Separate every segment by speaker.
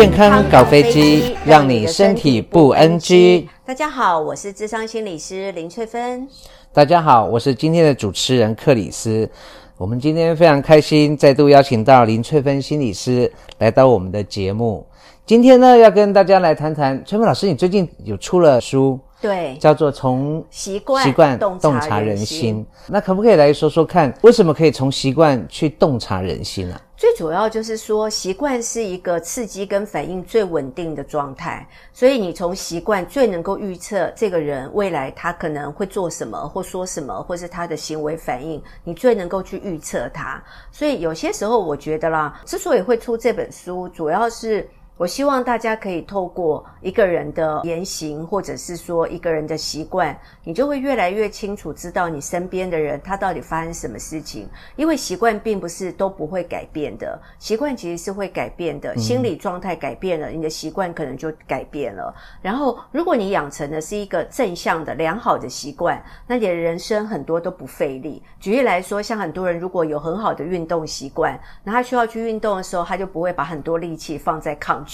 Speaker 1: 健康搞飛機，讓你身體不 NG。
Speaker 2: 大家好，我是諮商心理師林萃芬。
Speaker 1: 大家好，我是今天的主持人克里斯。我們今天非常開心，再度邀請到林萃芬心理師來到我們的節目。今天呢，要跟大家來談談，萃芬老師，你最近有出了書，對，叫做《從習慣洞察人心》人心。那可不可以來說說看，為什麼可以從習慣去洞察人心呢、啊？
Speaker 2: 最主要就是說，習慣是一個刺激跟反應最穩定的狀態，所以你從習慣最能夠預測這個人未來他可能會做什麼，或說什麼，或是他的行為反應，你最能夠去預測他。所以有些時候我覺得啦，之所以會出這本書，主要是。我希望大家可以透過一個人的言行，或者是說一個人的習慣，你就會越來越清楚知道你身邊的人他到底發生什麼事情。因為習慣並不是都不會改變的，習慣其實是會改變的。心理狀態改變了，你的習慣可能就改變了。然後，如果你養成的是一個正向的良好的習慣，那你的人生很多都不費力。舉例來說，像很多人如果有很好的運動習慣，那他需要去運動的時候，他就不會把很多力氣放在抗。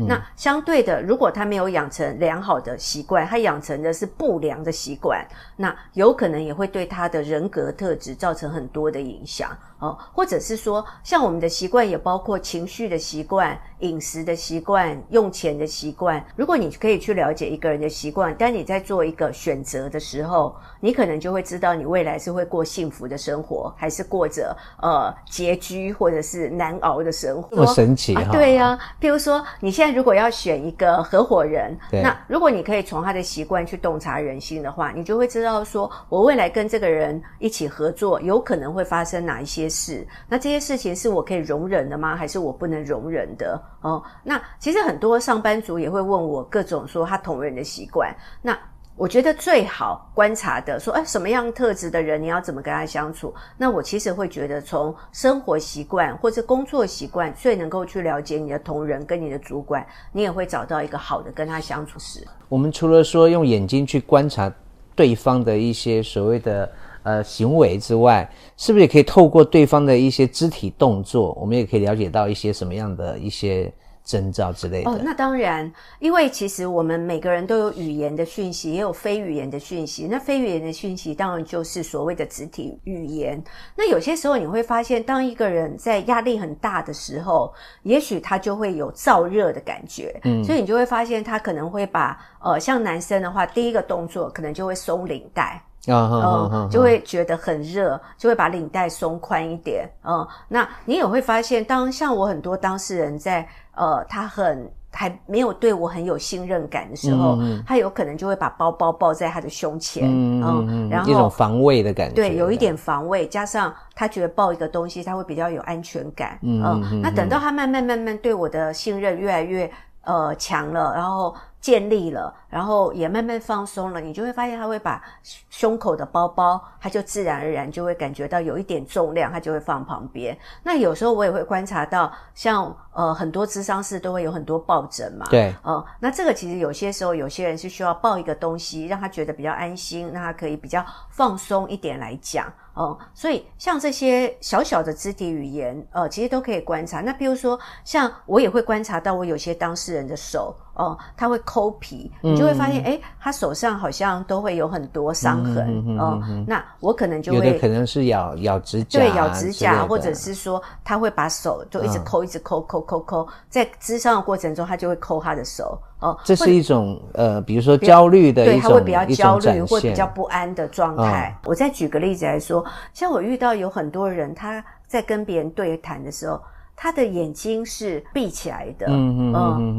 Speaker 2: 嗯、那相對的，如果他沒有養成良好的習慣，他養成的是不良的習慣，那有可能也會對他的人格特質造成很多的影響哦。或者是說，像我們的習慣也包括情緒的習慣、飲食的習慣、用錢的習慣。如果你可以去了解一個人的習慣，當你在做一個選擇的時候，你可能就會知道你未來是會過幸福的生活，還是過着呃拮據，或者是難熬的生活。這麼神奇？哦、啊？對呀、啊，比如說。你現在如果要選一個合夥人，對那如果你可以從他的習慣去洞察人心的話，你就會知道，說我未來跟這個人一起合作，有可能會發生哪一些事，那這些事情是我可以容忍的嗎？還是我不能容忍的？哦，那其實很多上班族也會問我各種說他同仁的習慣，那，我覺得最好觀察的，說哎，什麼樣特質的人，你要怎麼跟他相處？那我其實會覺得，從生活習慣或者工作習慣，最能夠去了解你的同仁跟你的主管，你也會找到一個好的跟他相處時。
Speaker 1: 我們除了說用眼睛去觀察對方的一些所謂的呃行為之外，是不是也可以透過對方的一些肢體動作，我們也可以了解到一些什麼樣的一些。徵兆之類的、oh, 那
Speaker 2: 當然，因為其實我們每個人都有語言的訊息，也有非語言的訊息。那非語言的訊息當然就是所謂的肢體語言。那有些時候你會發現，當一個人在壓力很大的時候，也許他就會有燥熱的感覺。嗯，所以你就會發現他可能會把呃，像男生的話，第一個動作可能就會鬆領帶。
Speaker 1: 啊，嗯，就會
Speaker 2: 覺得很熱，就會把領帶鬆寬一點，嗯，那你也會發現當，當像我很多當事人在，呃，他很還沒有對我很有信任感的時候，mm hmm. 他有可能就會把包包抱在他的胸前，mm hmm. 嗯，然後、嗯、一種
Speaker 1: 防衛的感覺，對，有
Speaker 2: 一點防衛，加上他覺得抱一個東西，他會比較有安全感，mm hmm. 嗯，那等到他慢慢慢慢對我的信任越來越，呃，強了，然後建立了。然後也慢慢放鬆了，你就會發現他會把胸口的包包，他就自然而然就會感覺到有一點重量，他就會放旁邊。那有時候我也會觀察到，像呃很多諮商室都會有很多抱枕嘛，對，嗯、呃，那這個其實有些時候有些人是需要抱一個東西，讓他覺得比較安心，讓他可以比較放鬆一點來講，嗯、呃，所以像這些小小的肢體語言，呃，其實都可以觀察。那比如說像我也會觀察到，我有些當事人的手，哦、呃，他會摳皮，嗯。就、嗯、會發現，哎，他手上好像都會有很多傷痕，嗯、嗯、嗯、哦，那我可能就會，有的可
Speaker 1: 能是咬咬指甲，對，咬指甲，或者是
Speaker 2: 說他會把手就一直摳，一直摳，摳摳摳，在諮商的過程中，他就會摳他的手哦。這是一
Speaker 1: 種者呃，比如說焦慮的一種，對，他會比較焦慮或比較
Speaker 2: 不安的狀態。哦、我再舉個例子來說，像我遇到有很多人，他在跟別人對談的時候。他的眼睛是閉起來的，嗯嗯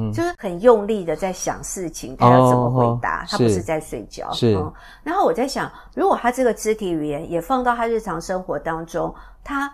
Speaker 2: 嗯，就是很用力的在想事情，嗯、他要怎麼回答？哦、他不是在睡覺，是。嗯、是。然後我在想，如果他這個肢體語言也放到他日常生活當中，他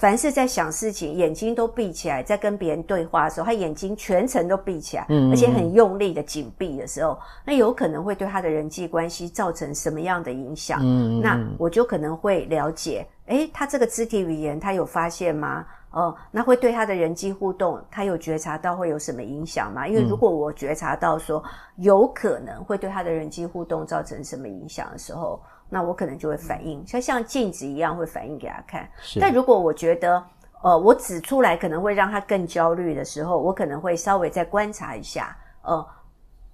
Speaker 2: 凡是在想事情，眼睛都閉起來，在跟別人對話的時候，他眼睛全程都閉起來，嗯、而且很用力的緊閉的時候，那有可能會對他的人際關係造成什麼樣的影響？嗯，那我就可能會了解，哎、欸，他這個肢體語言，他有發現嗎？哦、呃，那會對他的人際互動，他有覺察到會有什麼影響嗎？因為如果我覺察到說有可能會對他的人際互動造成什麼影響的時候，那我可能就會反應，像像鏡子一樣會反應給他看。是但如果我覺得，呃，我指出來可能會讓他更焦慮的時候，我可能會稍微再觀察一下，呃。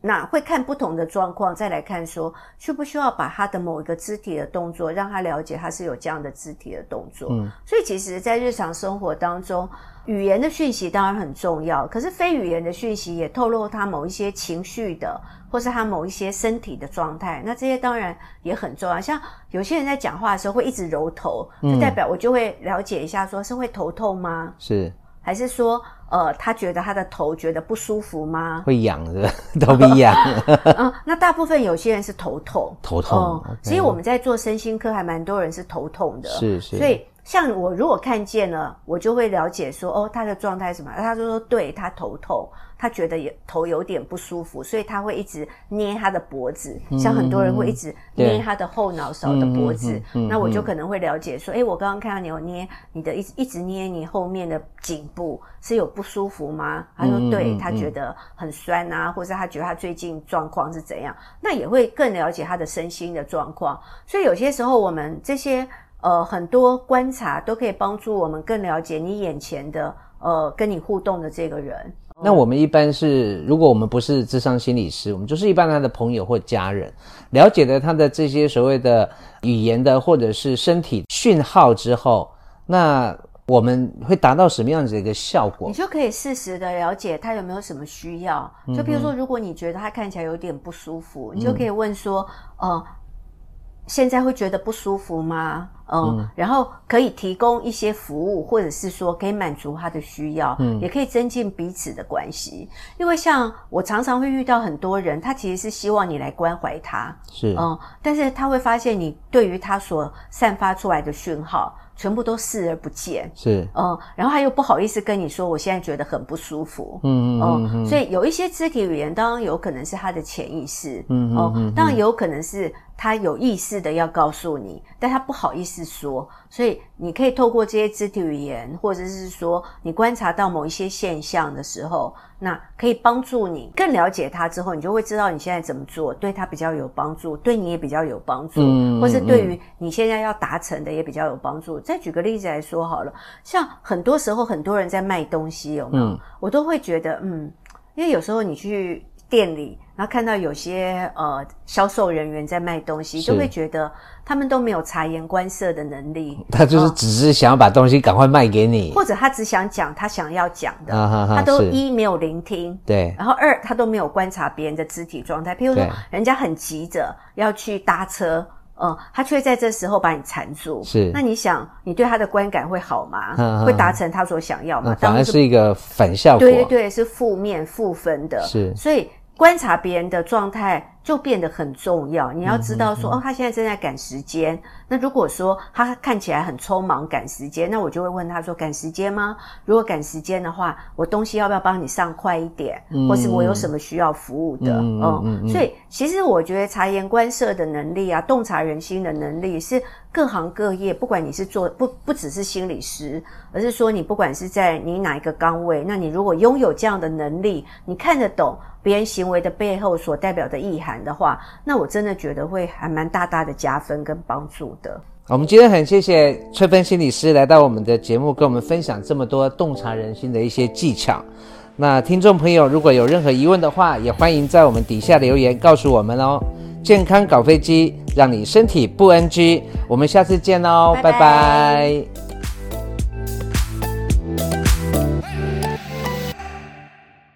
Speaker 2: 那會看不同的狀況，再來看說需不需要把他的某一個肢體的動作，讓他了解他是有這樣的肢體的動作。嗯，所以其實，在日常生活當中，語言的訊息當然很重要，可是非語言的訊息也透露他某一些情緒的，或是他某一些身體的狀態。那這些當然也很重要。像有些人在講話的時候會一直揉頭，嗯，就代表我就會了解一下，說是會頭痛嗎？是。還是說，呃，他覺得他的頭覺得不舒服嗎？會
Speaker 1: 癢的， 都不比癢、 呃。
Speaker 2: 那大部分有些人是頭痛，頭痛。嗯、Okay. 所以我們在做身心科，還蠻多人是頭痛的。是是。所以。像我如果看見了，我就會了解說，哦，他的狀態是什麼？他說說，對，他頭痛，他覺得有，頭有點不舒服，所以他會一直捏他的脖子。像很多人會一直捏、嗯嗯、捏他的後腦勺的脖子，對，那我就可能會了解說，哎、嗯嗯嗯嗯欸，我剛剛看到你有捏你的，一直一直捏你後面的頸部，是有不舒服嗎？他說對，他覺得很酸啊，嗯嗯嗯、或者他覺得他最近狀況是怎樣？那也會更了解他的身心的狀況。所以有些時候我們這些。呃，很多觀察都可以幫助我們更了解你眼前的呃，跟你互動的這個人。
Speaker 1: 那我們一般是，如果我們不是諮商心理師，我們就是一般他的朋友或家人，了解了他的這些所謂的語言的或者是身體訊號之後，那我們會達到什麼樣子的一個效果？你就
Speaker 2: 可以適時的了解他有沒有什麼需要。就比如說，如果你覺得他看起來有點不舒服，嗯哼。你就可以問說：“呃，現在會覺得不舒服嗎？”嗯，嗯，然後可以提供一些服務，或者是說可以滿足他的需要，嗯，也可以增進彼此的關係。因為像我常常會遇到很多人，他其實是希望你來關懷他，是，嗯，但是他會發現你對於他所散發出來的訊號，全部都視而不見，是，嗯，然後他又不好意思跟你說，我現在覺得很不舒服，嗯嗯，哦，嗯，嗯，所以有一些肢體語言，當然有可能是他的潛意識，嗯嗯，嗯，當然有可能是他有意識的要告訴你，但他不好意思。是說，所以你可以透過這些肢體語言，或者是說你觀察到某一些現象的時候，那可以幫助你更了解他之後，你就會知道你現在怎麼做，對他比較有幫助，對你也比較有幫助，或是對於你現在要達成的也比較有幫助。嗯嗯、再舉個例子來說好了，像很多時候很多人在賣東西，有沒有？嗯、我都會覺得嗯，因為有時候你去店裡。然後看到有些呃銷售人員在賣東西，就會覺得他們都沒有察言觀色的能力。
Speaker 1: 他就是只是想要把東西趕快賣給你，或
Speaker 2: 者他只想講他想要講的。他都一沒有聆聽，對。然後二他都沒有觀察別人的肢體狀態，譬如說人家很急着要去搭車，嗯，他卻在這時候把你纏住。是。那你想，你對他的觀感會好嗎？會達成他所想要嗎？當然是一
Speaker 1: 個反效果。對
Speaker 2: 對對，是負面負分的。是。所以。觀察別人的狀態就變得很重要。你要知道說，嗯嗯嗯哦，他現在正在趕時間。那如果說他看起來很匆忙、趕時間，那我就會問他說：“趕時間嗎？如果趕時間的話，我東西要不要幫你上快一點？嗯、或是我有什麼需要服務的？”嗯嗯嗯。嗯所以其實我覺得察言觀色的能力啊，洞察人心的能力，是各行各業不管你是做不不只是心理師，而是說你不管是在你哪一個崗位，那你如果擁有這樣的能力，你看得懂別人行為的背後所代表的意涵的話，那我真的覺得會還蠻大大的加分跟幫助。
Speaker 1: 我們今天很謝謝萃芬心理師來到我們的節目，跟我們分享這麼多洞察人心的一些技巧。那聽眾朋友如果有任何疑問的話，也歡迎在我們底下留言告訴我們哦。健康搞飛機，讓你身體不 NG。我們下次見哦，拜拜 bye。Bye bye